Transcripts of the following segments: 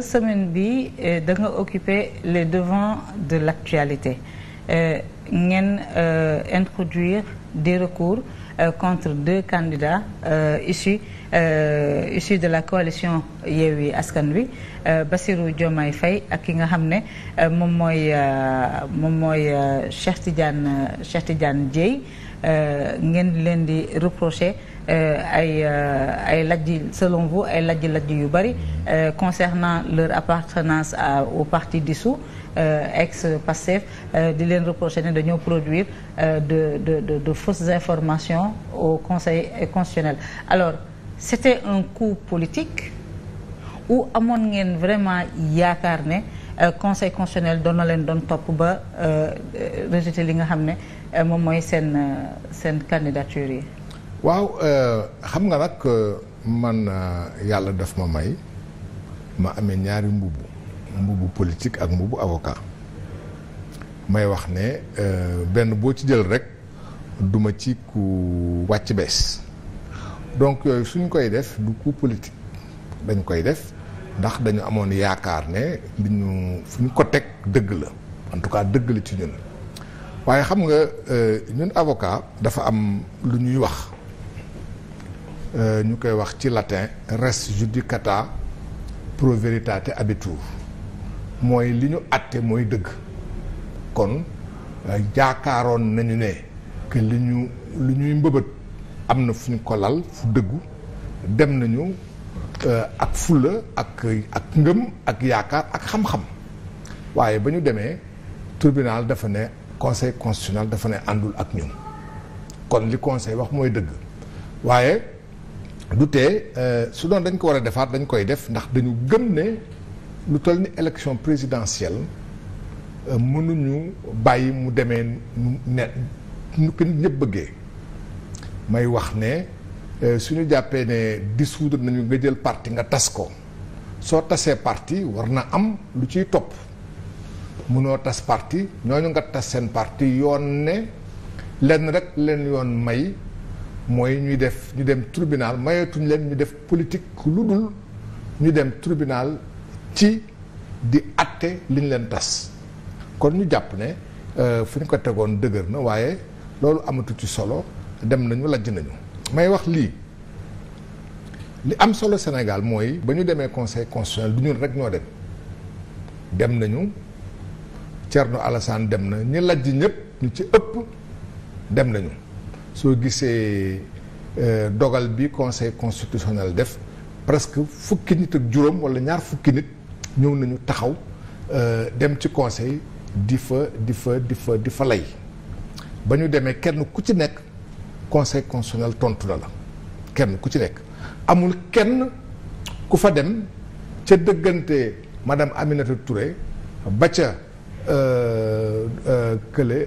semaine bi eh, da nga occuper les devants de l'actualité eh, ngeen euh, introduire des recours euh, contre deux candidats euh, issus eh, issus de la coalition Yewwi Askan Wi Bassirou Diomaye Faye ak ki nga xam ne moom mooy moom mooy Cheikh Tidiane Cheikh Tidiane Dièye ngeen leen di reprocher Euh, ay euh, ay lajj selon vous ay lajj lajj yu bëri euh, concernant leur appartenance à, au parti dissous euh, ex Pastef euh, di leen reprocher ne dañoo produire euh, de, de de de fausses informations au conseil constitutionnel alors c'était un coup politique ou amoon ngeen vraiment yaakaar ne conseil constitutionnel doon na leen doon topp ba rejeter li nga xam ne moom mooy seen seen candidature yi waaw euh, xam nga nag euh, man euh, yàlla daf ma may ma amee ñaari mbubu mbubu politique ak mbubu avocat may wax ne benn boo ci jël rek duma ci ku wàcc bees donc yooyu suñ koy def du coup politique dañ koy def ndax dañu amoon yaakaar ne li ñu fu ñu ko teg dëgg la en tout cas dëgg la ci ñun waaye xam nga ñun avocat dafa am lu ñuy wax Euh, ñu koy wax ci latin res judicata pro veritate habetur mooy li ñu àtte mooy dëgg kon jaakaaroon euh, nañu ne que li ñu li ñuy mbëbët am na fu ñu ko lal fu dëggu dem nañu euh, ak fulla ak ak ngëm ak yaakaar ak xam-xam waaye ba ñu demee tribunal dafa ne conseil constitutionnel dafa ne àndul ak ñun kon li conseil wax mooy dëgg waaye du tee euh, su doon dañ ko war a defaat dañ koy def ndax dañu gëm ne lu toll ni élection présidentielle euh, mënuñu bàyyi mu demee ne nu ko ñëpp bëggee may wax ne euh, suñu jàppee ne dissoudre nañu nga jël parti nga tas ko soo tasee parti war na am lu ciy topp mënoo tas parti ñooñu nga tas seen parti yoon ne lenn rek leen yoon may mooy ñuy def ñu dem tribunal mayeetuñ leen ñu def politique lu dul ñu dem tribunal ci di atte liñ leen tas kon ñu jàpp ne euh, fu ñu ko tegoon dëgër na waaye loolu amatu ci solo dem nañu lajj nañu may wax lii li am solo Sénégal mooy ba ñu demee conseil constitutionnel du ñun rek ñoo dem dem nañu Thierno Alassane dem na ñi lajj ñëpp ñu ci ëpp dem nañu soo gisee euh, dogal bi conseil constitutionnel def presque fukki nit ak juróom wala ñaar fukki nit ñëw nañu taxaw euh, dem ci conseil di fa di fa di fa di fa lay ba ñu demee kenn ku ci nekk conseil constitutionnel tontu na la kenn ku ci nekk amul kenn ku fa dem ca dëggante madame Aminata Touré ba ca euh, kële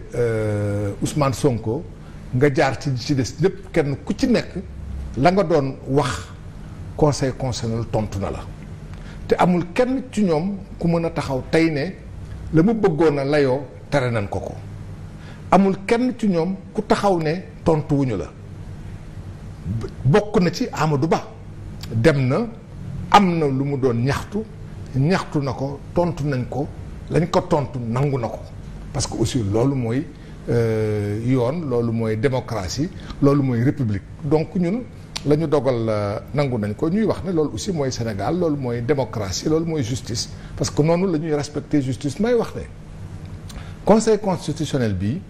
Ousmane Sonko nga jaar ci ci des lépp kenn ku ci nekk la nga doon wax conseil constitutionnel tontu na la te amul kenn ci ñoom ku mën a taxaw tey ne la mu bëggoon a layoo tere nañ ko ko amul kenn ci ñoom ku taxaw ne tontuwuñu la bokk na ci Amadou Ba dem na am na lu mu doon ñaxtu ñaxtu na ko tontu nañ ko lañ ko tontu nangu na ko parce que aussi loolu mooy. Euh, yoon loolu mooy démocratie loolu mooy république donc ñun lañu ñu dogal euh, nangu nañ ko ñuy wax ne loolu aussi mooy Sénégal loolu mooy démocratie loolu mooy justice parce que noonu la ñuy respecter justice may wax ne conseil constitutionnel bi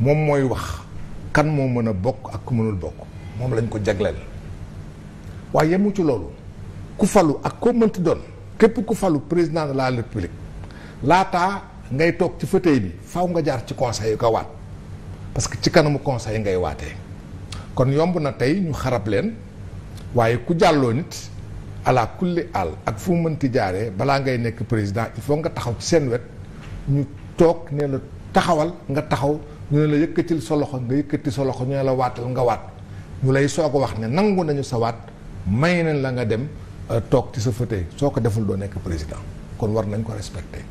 moom mooy wax kan moo mën a bokk ak ku mënul bokk moom lañ ko jagleel waaye yemu ci loolu ku falu ak koo mënti doon képp ku falu président de la république laataa ngay toog ci fauteuil bi faw nga jaar ci conseil yu ko waat parce que ci kanamu conseil ngay waatee kon yomb na tey ñu xarab leen waaye ku jàlloo nit ala kulli àll ak fu mu mënti jaaree balaa ngay nekk président il faut nga taxaw ci seen wet ñu toog ne la taxawal nga taxaw ñu ne la yëkkatil sa loxo nga yëkkati sa loxo ñu ne la waatal nga waat ñu lay soog a wax ne nangu nañu sa waat may nañ la nga dem euh, toog ci sa fauteuil soo ko deful doo nekk président kon war nañ ko respecter.